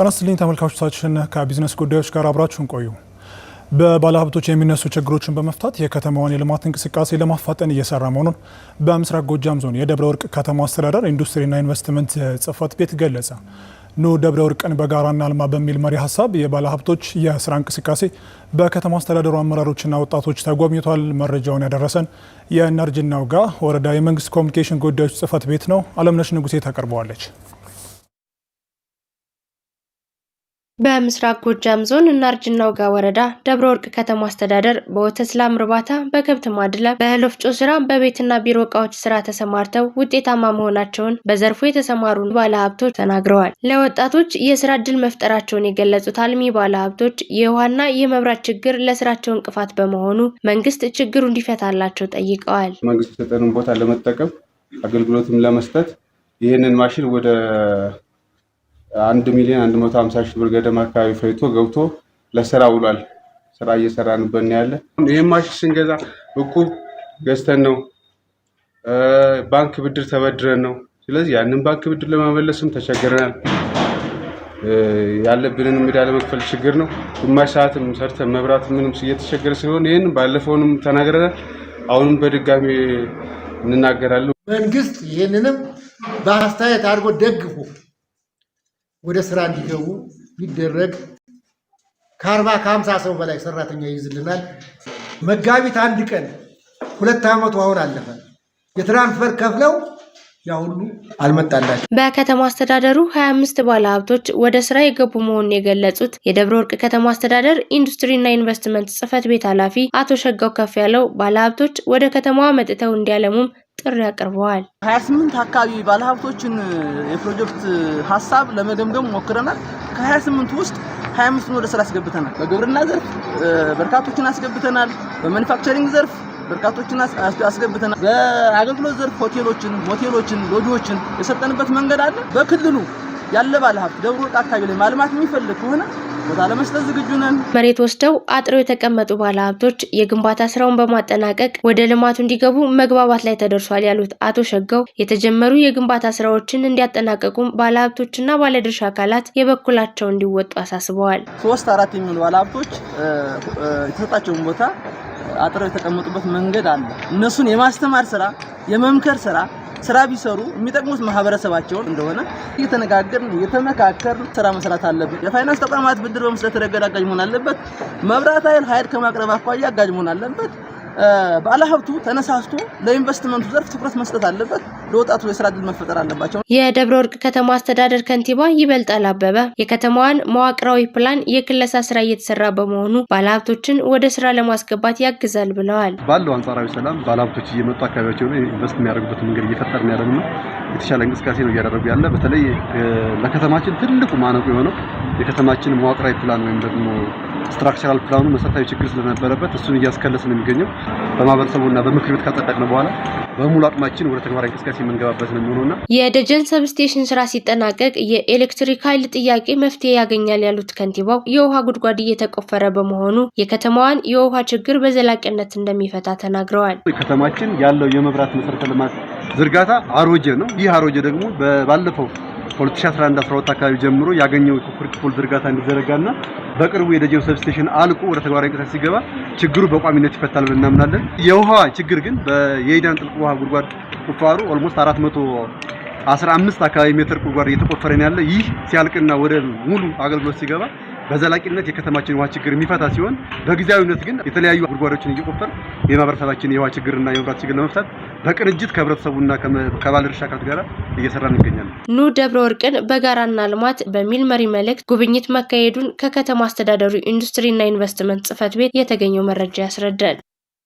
ጤና ይስጥልኝ ተመልካቾቻችን፣ ከቢዝነስ ጉዳዮች ጋር አብራችሁን ቆዩ። በባለሀብቶች የሚነሱ ችግሮችን በመፍታት የከተማዋን የልማት እንቅስቃሴ ለማፋጠን እየሰራ መሆኑን በምስራቅ ጎጃም ዞን የደብረ ወርቅ ከተማ አስተዳደር ኢንዱስትሪና ኢንቨስትመንት ጽፈት ቤት ገለጸ። ኑ ደብረ ወርቅን በጋራ እናልማ በሚል መሪ ሀሳብ የባለሀብቶች የስራ እንቅስቃሴ በከተማ አስተዳደሩ አመራሮችና ወጣቶች ተጎብኝቷል። መረጃውን ያደረሰን የእናርጅናውጋ ወረዳ የመንግስት ኮሚኒኬሽን ጉዳዮች ጽህፈት ቤት ነው። አለምነሽ ንጉሴ ታቀርበዋለች። በምስራቅ ጎጃም ዞን እናርጅና ውጋ ወረዳ ደብረ ወርቅ ከተማ አስተዳደር በወተት ላም እርባታ፣ በከብት ማድለብ፣ በእህል ወፍጮ ስራ፣ በቤትና ቢሮ እቃዎች ስራ ተሰማርተው ውጤታማ መሆናቸውን በዘርፉ የተሰማሩ ባለሀብቶች ተናግረዋል። ለወጣቶች የስራ እድል መፍጠራቸውን የገለጹት አልሚ ባለሀብቶች የውሃና የመብራት ችግር ለስራቸው እንቅፋት በመሆኑ መንግስት ችግሩ እንዲፈታላቸው ጠይቀዋል። መንግስት የሰጠንን ቦታ ለመጠቀም አገልግሎትም ለመስጠት ይህንን ማሽን ወደ አንድ ሚሊዮን አንድ መቶ ሀምሳ ሺህ ብር ገደማ አካባቢ ፈይቶ ገብቶ ለስራ ውሏል። ስራ እየሰራንበት ነው ያለ። ይህም ማሽን ስንገዛ እቁብ ገዝተን ነው ባንክ ብድር ተበድረን ነው። ስለዚህ ያንን ባንክ ብድር ለመመለስም ተቸግረናል። ያለብንን ዕዳ ለመክፈል ችግር ነው። ግማሽ ሰዓትም ሰርተን መብራት ምንም እየተቸገረ ስለሆነ ይህን ባለፈውንም ተናግረናል። አሁንም በድጋሚ እንናገራለን። መንግስት ይህንንም በአስተያየት አድርጎ ደግፎ ወደ ስራ እንዲገቡ ቢደረግ ከአርባ ከሀምሳ ሰው በላይ ሰራተኛ ይይዝልናል። መጋቢት አንድ ቀን ሁለት ዓመቱ አሁን አለፈ። የትራንስፈር ከፍለው ያሁሉ አልመጣላቸው። በከተማ አስተዳደሩ 25 ባለ ሀብቶች ወደ ስራ የገቡ መሆኑን የገለጹት የደብረ ወርቅ ከተማ አስተዳደር ኢንዱስትሪና ኢንቨስትመንት ጽህፈት ቤት ኃላፊ አቶ ሸጋው ከፍ ያለው ባለ ሀብቶች ወደ ከተማዋ መጥተው እንዲያለሙም ጥሪ አቅርበዋል። 28 አካባቢ ባለሀብቶችን የፕሮጀክት ሀሳብ ለመገምገም ሞክረናል። ከ28 ውስጥ 25 ወደ ስራ አስገብተናል። በግብርና ዘርፍ በርካቶችን አስገብተናል። በማኒፋክቸሪንግ ዘርፍ በርካቶችን አስገብተናል። በአገልግሎት ዘርፍ ሆቴሎችን፣ ሞቴሎችን፣ ሎጂዎችን የሰጠንበት መንገድ አለ። በክልሉ ያለ ባለሀብት ደብረ ወርቅ አካባቢ ላይ ማልማት የሚፈልግ ከሆነ ቦታ ለመስጠት ዝግጁ ነን። መሬት ወስደው አጥረው የተቀመጡ ባለሀብቶች የግንባታ ስራውን በማጠናቀቅ ወደ ልማቱ እንዲገቡ መግባባት ላይ ተደርሷል ያሉት አቶ ሸጋው የተጀመሩ የግንባታ ስራዎችን እንዲያጠናቀቁም ባለሀብቶችና ባለድርሻ አካላት የበኩላቸው እንዲወጡ አሳስበዋል። ሶስት አራት የሚሆኑ ባለሀብቶች የተሰጣቸውን ቦታ አጥረው የተቀመጡበት መንገድ አለ። እነሱን የማስተማር ስራ የመምከር ስራ ስራ ቢሰሩ የሚጠቅሙት ማህበረሰባቸውን እንደሆነ እየተነጋገርን እየተመካከርን ስራ መስራት አለብን። የፋይናንስ ተቋማት ብድር በመስጠት ረገድ አጋዥ መሆን አለበት። መብራት ኃይል ኃይል ከማቅረብ አኳያ አጋዥ መሆን አለበት። ባለሀብቱ ተነሳስቶ ለኢንቨስትመንቱ ዘርፍ ትኩረት መስጠት አለበት። ለወጣቱ የስራ እድል መፈጠር አለባቸው። የደብረ ወርቅ ከተማ አስተዳደር ከንቲባ ይበልጣል አበበ የከተማዋን መዋቅራዊ ፕላን የክለሳ ስራ እየተሰራ በመሆኑ ባለሀብቶችን ወደ ስራ ለማስገባት ያግዛል ብለዋል። ባለው አንጻራዊ ሰላም ባለሀብቶች እየመጡ አካባቢያቸው ሆነ ኢንቨስት የሚያደርጉበት መንገድ እየፈጠርን ያለ ነው። የተሻለ እንቅስቃሴ ነው እያደረጉ ያለ። በተለይ ለከተማችን ትልቁ ማነቁ የሆነው የከተማችን መዋቅራዊ ፕላን ወይም ደግሞ ስትራክቸራል ፕላኑ መሰረታዊ ችግር ስለነበረበት እሱን እያስከለስ ነው የሚገኘው። በማህበረሰቡና በምክር ቤት ካጸደቅን በኋላ በሙሉ አቅማችን ወደ ተግባራዊ እንቅስቃሴ የምንገባበት ነው የሚሆነውና የደጀን ሰብስቴሽን ስራ ሲጠናቀቅ የኤሌክትሪክ ኃይል ጥያቄ መፍትሄ ያገኛል ያሉት ከንቲባው የውሃ ጉድጓድ እየተቆፈረ በመሆኑ የከተማዋን የውሃ ችግር በዘላቂነት እንደሚፈታ ተናግረዋል። ከተማችን ያለው የመብራት መሰረተ ልማት ዝርጋታ አሮጀ ነው። ይህ አሮጀ ደግሞ ባለፈው 2011 12 አካባቢ ጀምሮ ያገኘው የኮንክሪት ፖል ዝርጋታ እንዲዘረጋና በቅርቡ የደጀን ሰብስቴሽን አልቆ ወደ ተግባራዊ እንቅስቃሴ ሲገባ ችግሩ በቋሚነት ይፈታል ብለን እናምናለን። የውሃ ችግር ግን የኢዳን ጥልቅ ውሃ ጉድጓድ ቁፋሩ ኦልሞስት 415 አካባቢ ሜትር ጉድጓድ እየተቆፈረን ያለ ይህ ሲያልቅና ወደ ሙሉ አገልግሎት ሲገባ በዘላቂነት የከተማችን የውሃ ችግር የሚፈታ ሲሆን በጊዜያዊነት ግን የተለያዩ ጉድጓዶችን እየቆፈር የማህበረሰባችን የውሃ ችግርና የመብራት ችግር ለመፍታት በቅንጅት ከህብረተሰቡና ከባለድርሻ አካላት ጋር እየሰራ እንገኛለን። ኑ ደብረ ወርቅን በጋራና ልማት በሚል መሪ መልእክት ጉብኝት መካሄዱን ከከተማ አስተዳደሩ ኢንዱስትሪና ኢንቨስትመንት ጽህፈት ቤት የተገኘው መረጃ ያስረዳል።